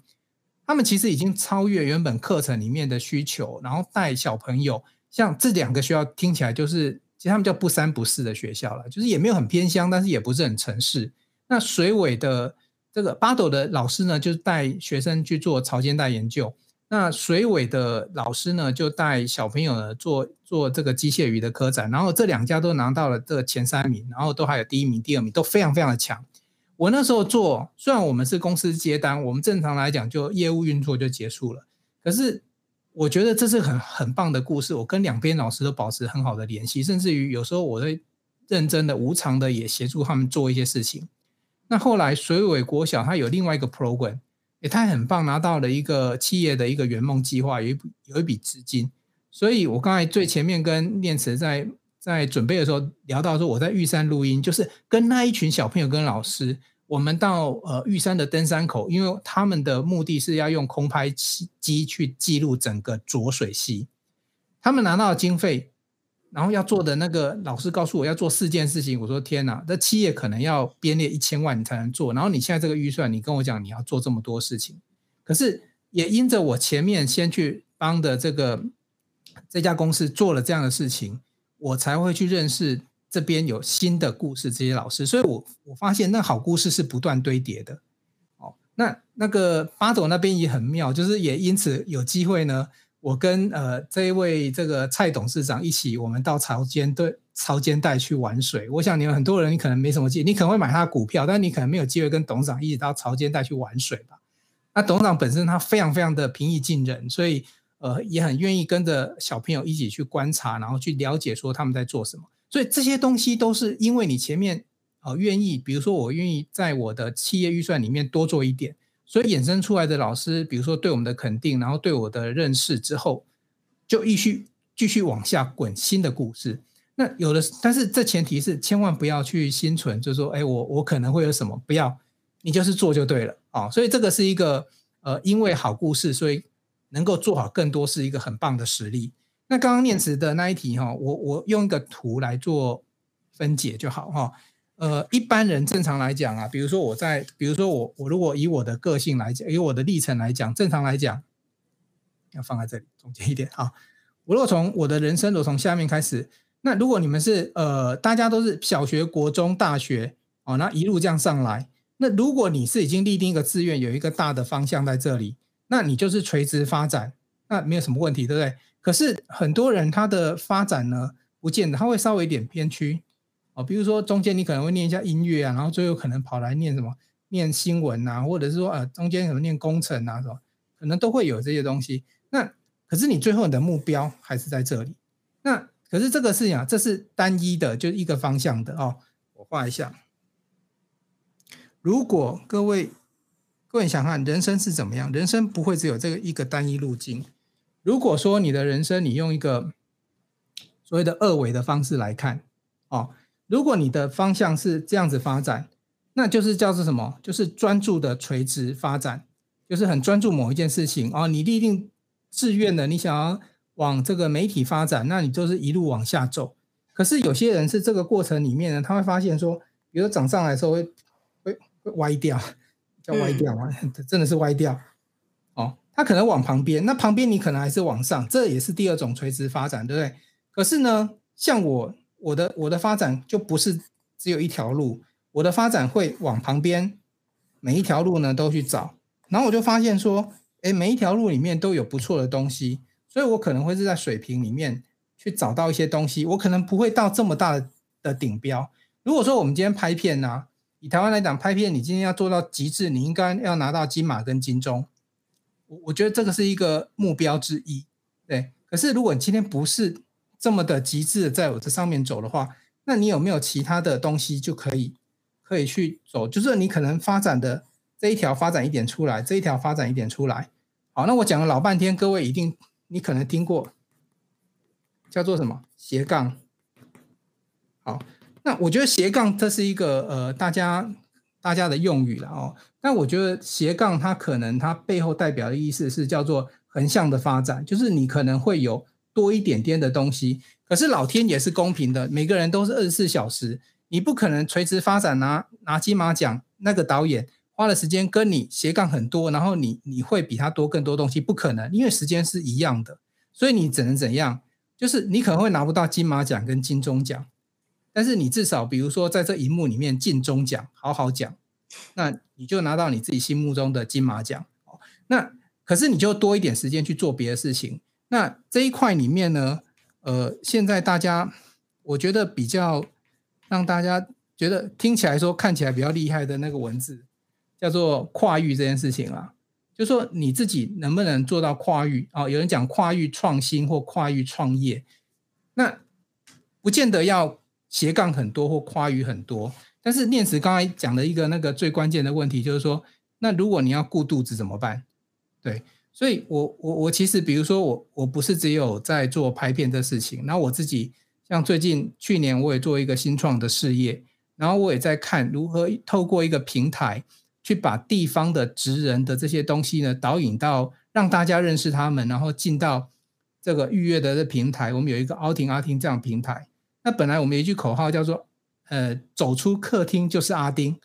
他們其實已經超越原本課程裡面的需求，然後帶小朋友。像這兩個學校聽起來就是，其實他們叫不三不四的學校了，就是也沒有很偏鄉，但是也不是很城市。那水尾的這個八斗的老師呢，就是帶學生去做潮間帶研究。那水尾的老師呢，就帶小朋友呢做做這個機械魚的科展，然後這兩家都拿到了這前三名，然後都還有第一名、第二名，都非常非常的強。我那時候做，雖然我們是公司接單，我們正常來講就業務運作就結束了，可是我覺得這是很很棒的故事。我跟兩邊老師都保持很好的聯繫，甚至於有時候我會認真的無償的也協助他們做一些事情。那後來水尾國小它有另外一個 program。也太很棒，拿到了一個企業的一個圓夢計劃，有一筆有一筆資金。所以，我剛才最前面跟念慈在在準備的時候聊到說，我在玉山錄音，就是跟那一群小朋友跟老師，我們到呃玉山的登山口，因為他們的目的是要用空拍機去記錄整個濁水溪，他們拿到的經費。然後要做的那個老師告訴我要做四件事情，我說天哪，這企業可能要編列一千萬你才能做。然後你現在這個預算，你跟我講你要做這麼多事情，可是也因着我前面先去幫的這個這家公司做了這樣的事情，我才會去認識這邊有新的故事這些老師。所以我我發現那好故事是不斷堆疊的。哦，那那個八總那邊也很妙，就是也因此有機會呢。我跟呃、這一位這個蔡董事長一起，我們到潮間對潮間帶去玩水。我想你們很多人，你可能沒什麼機會，你可能會買他的股票，但你可能沒有機會跟董事長一起到潮間帶去玩水吧？那董事長本身他非常非常的平易近人，所以呃也很願意跟着小朋友一起去觀察，然後去了解說他們在做什麼。所以這些東西都是因為你前面呃願意，比如說我願意在我的企業預算裡面多做一點。所以衍生出來的老師，比如說對我們的肯定，然後對我的認識之後，就繼續繼續往下滾新的故事。那有的，但是這前提是千萬不要去心存，就是說，哎，我我可能會有什麼？不要，你就是做就對了啊、哦。所以這個是一個呃，因為好故事，所以能夠做好，更多是一個很棒的實力。那剛剛念慈的那一題哈、哦，我我用一個圖來做分解就好哈、哦。呃，一般人正常來講啊，比如說我在，比如說我我如果以我的個性來講，以我的歷程來講，正常來講，要放在這裡總結一點啊。我若從我的人生，若從下面開始，那如果你們是呃，大家都是小學、國中、大學，哦，那一路這樣上來，那如果你是已經立定一個志願，有一個大的方向在這裡，那你就是垂直發展，那沒有什麼問題，對不對？可是很多人他的發展呢，不見得他會稍微有點偏曲。比如說，中間你可能會念一下音樂啊，然後最後可能跑來念什麼，念新聞啊，或者是說呃、啊、中間可能念工程啊什麼，可能都會有這些東西。那可是你最後你的目標還是在這裡。那可是這個事情啊，這是單一的，就是一個方向的哦。我畫一下，如果各位各位想看人生是怎麼樣，人生不會只有這個一個單一路徑。如果說你的人生，你用一個所謂的二維的方式來看，哦。如果你的方向是這樣子發展，那就是叫做什麼？就是專注的垂直發展，就是很專注某一件事情哦。你立定志願的，你想要往這個媒體發展，那你就是一路往下走。可是有些人是這個過程裡面呢，他會發現說，比如說漲上來的時候會會會歪掉，叫歪掉啊、嗯，真的是歪掉哦。他可能往旁邊，那旁邊你可能還是往上，這也是第二種垂直發展，對不對？可是呢，像我。我的我的發展就不是只有一條路，我的發展會往旁邊每一條路呢都去找，然後我就發現說，誒，每一條路裡面都有不錯的東西，所以我可能會是在水平裡面去找到一些東西，我可能不會到這麼大的，的頂標。如果說我們今天拍片呢，啊，以台灣來講拍片，你今天要做到極致，你應該要拿到金馬跟金鐘，我我覺得這個是一個目標之一，對。可是如果你今天不是。這麼的極致，在我這上面走的話，那你有沒有其他的東西就可以可以去走？就是你可能發展的這一條發展一點出來，這一條發展一點出來。好，那我講了老半天，各位一定你可能聽過叫做什麼？斜槓。好，那我覺得斜槓這是一個呃大家大家的用語了哦。但我覺得斜槓它可能它背後代表的意思是叫做橫向的發展，就是你可能會有。多一點點的東西，可是老天也是公平的，每個人都是二十四小時，你不可能垂直發展拿拿金馬獎。那個導演花了時間跟你斜槓很多，然後你你會比他多更多東西，不可能，因為時間是一樣的，所以你只能怎樣？就是你可能會拿不到金馬獎跟金鐘獎，但是你至少比如說在這螢幕裡面，金鐘獎好好講，那你就拿到你自己心目中的金馬獎，那可是你就多一點時間去做別的事情。那這一塊裡面呢，呃，現在大家我覺得比較讓大家覺得聽起來說看起來比較厲害的那個文字，叫做跨域這件事情啊，就是說你自己能不能做到跨域啊，哦？有人講跨域創新或跨域創業，那不見得要斜槓很多或跨域很多，但是念慈剛才講的一個那個最關鍵的問題就是說，那如果你要顧肚子怎麼辦？對。所以我，我我我其實，比如說我我不是只有在做拍片的事情。然後我自己像最近去年，我也做一個新創的事業，然後我也在看如何透過一個平台去把地方的職人的這些東西呢，導引到讓大家認識他們，然後進到這個預約的這平台。我們有一個奧廷阿丁這樣的平台。那本來我們有一句口號叫做呃，走出客廳就是阿丁，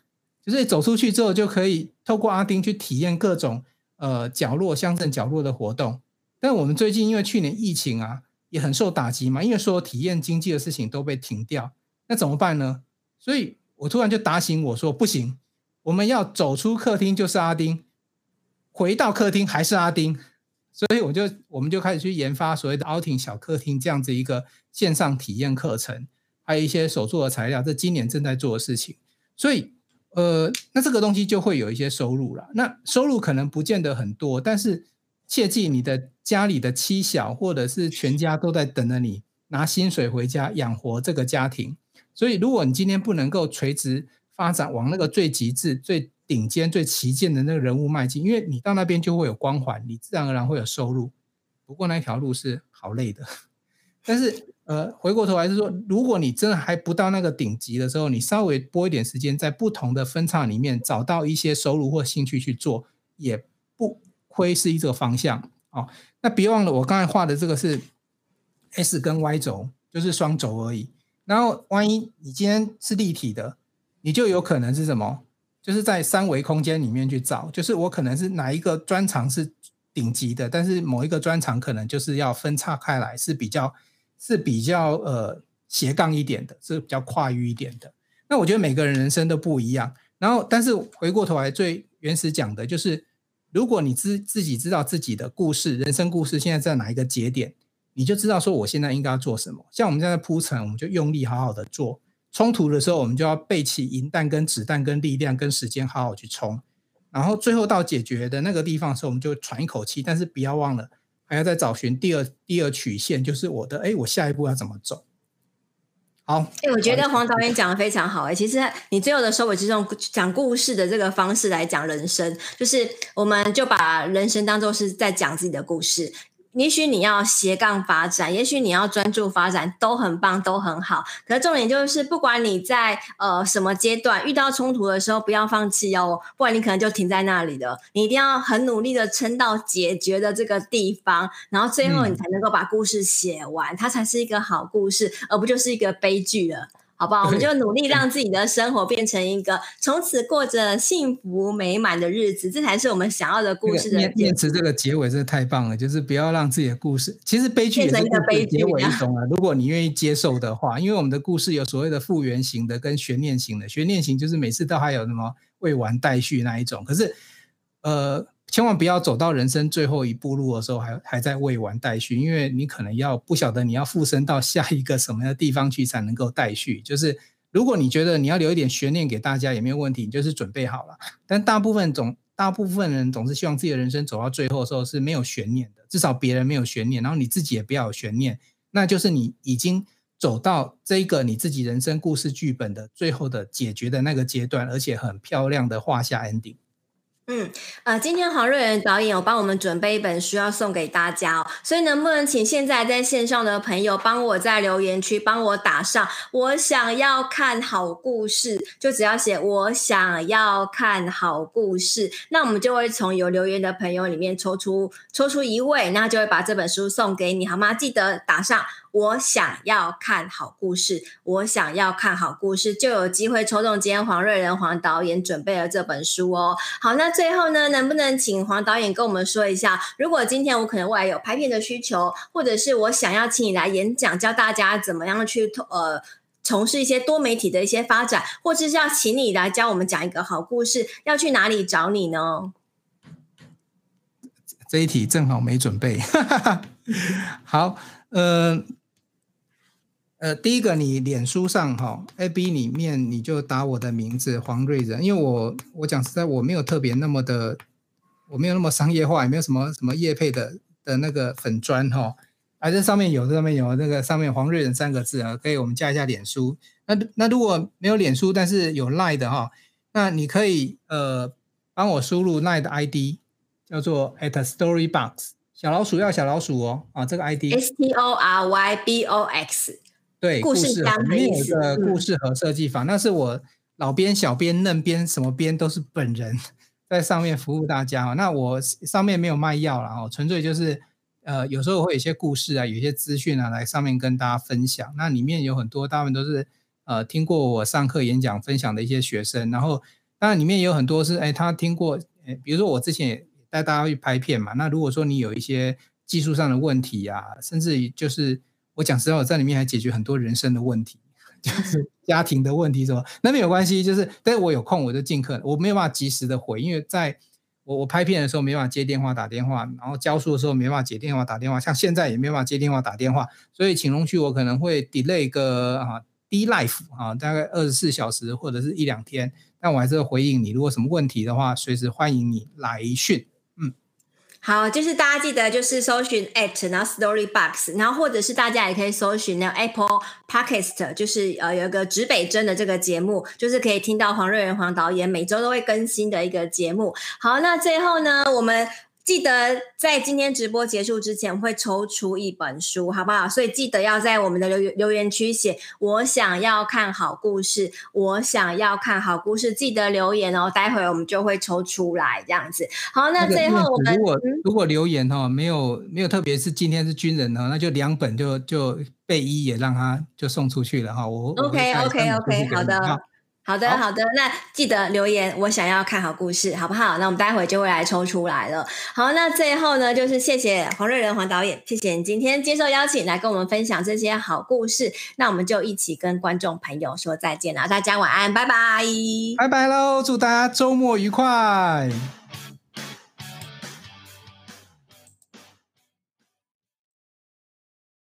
就是走出去之後就可以透過阿丁去體驗各種。呃，角落鄉鎮角落的活動，但我們最近因為去年疫情啊，也很受打擊嘛，因為說體驗經濟的事情都被停掉，那怎麼辦呢？所以，我突然就打醒我說，不行，我們要走出客廳就是阿丁，回到客廳還是阿丁，所以我就我們就開始去研發所謂的 outing 小客廳這樣子一個線上體驗課程，還有一些手作的材料，這今年正在做的事情，所以。呃，那這個東西就會有一些收入了。那收入可能不見得很多，但是切記你的家裡的妻小或者是全家都在等着你拿薪水回家養活這個家庭。所以，如果你今天不能夠垂直發展往那個最極致、最頂尖、最旗艦的那個人物邁進，因為你到那邊就會有光環，你自然而然會有收入。不過那條路是好累的，但是。呃，回過頭來是說，如果你真的還不到那個頂級的時候，你稍微撥一點時間，在不同的分叉裡面找到一些收入或興趣去做，也不虧是一個方向哦。那別忘了，我剛才畫的這個是 S 跟 Y 軸，就是雙軸而已。然後，萬一你今天是立體的，你就有可能是什麼？就是在三維空間裡面去找，就是我可能是哪一個專長是頂級的，但是某一個專長可能就是要分叉開來，是比較。是比較呃斜槓一點的，是比較跨域一點的。那我覺得每個人人生都不一樣。然後，但是回過頭來，最原始講的就是，如果你知自己知道自己的故事、人生故事現在在哪一個節點，你就知道說我現在應該要做什麼。像我們現在在鋪陳，我們就用力好好的做；衝突的時候，我們就要背起銀彈、跟子彈、跟力量、跟時間，好好去衝。然後最後到解決的那個地方的時候，我們就喘一口氣。但是不要忘了。還要再找尋第二第二曲線，就是我的哎，我下一步要怎麼走？好，哎，我覺得黃導演講的非常好哎，其實你最後的收尾是用講故事的這個方式來講人生，就是我們就把人生當做是在講自己的故事。也許你要斜槓發展，也許你要專注發展，都很棒，都很好。可是重點就是，不管你在呃什麼階段遇到衝突的時候，不要放棄哦，不然你可能就停在那裡了。你一定要很努力的撐到解決的這個地方，然後最後你才能夠把故事寫完，嗯、它才是一個好故事，而不就是一個悲劇了。好不好？我們就努力讓自己的生活變成一個從此過着幸福美滿的日子，這才是我們想要的故事的。念慈、那個、這個結尾真的太棒了，就是不要讓自己的故事，其實悲劇也是結結尾一種啊。個悲如果你願意接受的話，因為我們的故事有所謂的復原型的跟懸念型的，懸念型就是每次都還有什麼未完待續那一種，可是呃。千萬不要走到人生最後一步路的時候還還在未完待續，因為你可能要不曉得你要附身到下一個什麼樣的地方去才能夠待續。就是如果你覺得你要留一點懸念給大家也沒有問題，你就是準備好了。但大部分總大部分人總是希望自己的人生走到最後的時候是沒有懸念的，至少別人沒有懸念，然後你自己也不要有懸念。那就是你已經走到這一個你自己人生故事劇本的最後的解決的那個階段，而且很漂亮的畫下 ending。嗯，呃，今天黃瑞仁導演有幫我們準備一本書要送給大家哦，所以能不能請現在在線上的朋友幫我在留言區幫我打上“我想要看好故事”，就只要寫“我想要看好故事”，那我們就會從有留言的朋友裡面抽出抽出一位，那就會把這本書送給你，好嗎？記得打上。我想要看好故事，我想要看好故事，就有機會抽中今天黃瑞仁黃導演準備了這本書哦。好，那最後呢，能不能請黃導演跟我們說一下，如果今天我可能未來有拍片的需求，或者是我想要請你來演講，教大家怎麼樣去呃從事一些多媒體的一些發展，或是要請你來教我們講一個好故事，要去哪裡找你呢？這一題正好沒準備 好，嗯、呃。呃，第一個，你臉書上哈、哦，A B 裡面你就打我的名字黃瑞仁，因為我我講實在，我沒有特別那麼的，我沒有那麼商業化，也沒有什麼什麼業配的的那個粉專哈、哦，啊，這上面有，這上面有那個上面黃瑞仁三個字啊、哦，可以我們加一下臉書。那那如果沒有臉書，但是有 Line 的哈、哦，那你可以呃幫我輸入 Line 的 I D 叫做 at a Story Box 小老鼠要小老鼠哦啊、哦、這個 I D S, S T O R Y B O X。對，故事沒有一個故事盒設計坊，嗯、那是我老編、小編、嫩編，什麼編都是本人在上面服務大家、哦。那我上面沒有賣藥了哦，純粹就是呃，有時候會有一些故事啊，有一些資訊啊，來上面跟大家分享。那裡面有很多，大部分都是呃聽過我上課演講分享的一些學生。然後當然裡面也有很多是哎，他聽過、哎，比如說我之前也帶大家去拍片嘛。那如果說你有一些技術上的問題啊，甚至就是。我講實話，我在裡面還解決很多人生的問題，就是家庭的問題什麼，那沒有關係。就是，但是我有空我就進課，我沒有辦法及時的回，因為在我我拍片的時候沒辦法接電話打電話，然後教書的時候沒辦法接電話打電話，像現在也沒辦法接電話打電話，所以請容許我可能會 delay 個啊 delay 啊，大概二十四小時或者是一兩天，但我還是會回應你。如果什麼問題的話，隨時歡迎你來訊。好，就是大家記得就是搜尋 at，然後 Story Box，然後或者是大家也可以搜尋那 Apple Podcast，就是呃有一個指北針的這個節目，就是可以聽到黃瑞仁黃導演每周都會更新的一個節目。好，那最後呢，我們。記得在今天直播結束之前會抽出一本書，好不好？所以記得要在我們的留留言區寫“我想要看好故事”，我想要看好故事，記得留言哦。待會我們就會抽出來，這樣子。好，那最後我們如果、嗯、如果留言哈、哦，沒有沒有，特別是今天是軍人呢、哦，那就兩本就就被一也讓他就送出去了哈、哦。我，okay，我 OK OK OK，好的。好的，好，好的，那記得留言，我想要看好故事，好不好？那我們待會就會來抽出來了。好，那最後呢，就是謝謝黃瑞仁黃導演，謝謝你今天接受邀請來跟我們分享這些好故事。那我們就一起跟觀眾朋友說再見了，大家晚安，拜拜，拜拜嘍，祝大家周末愉快。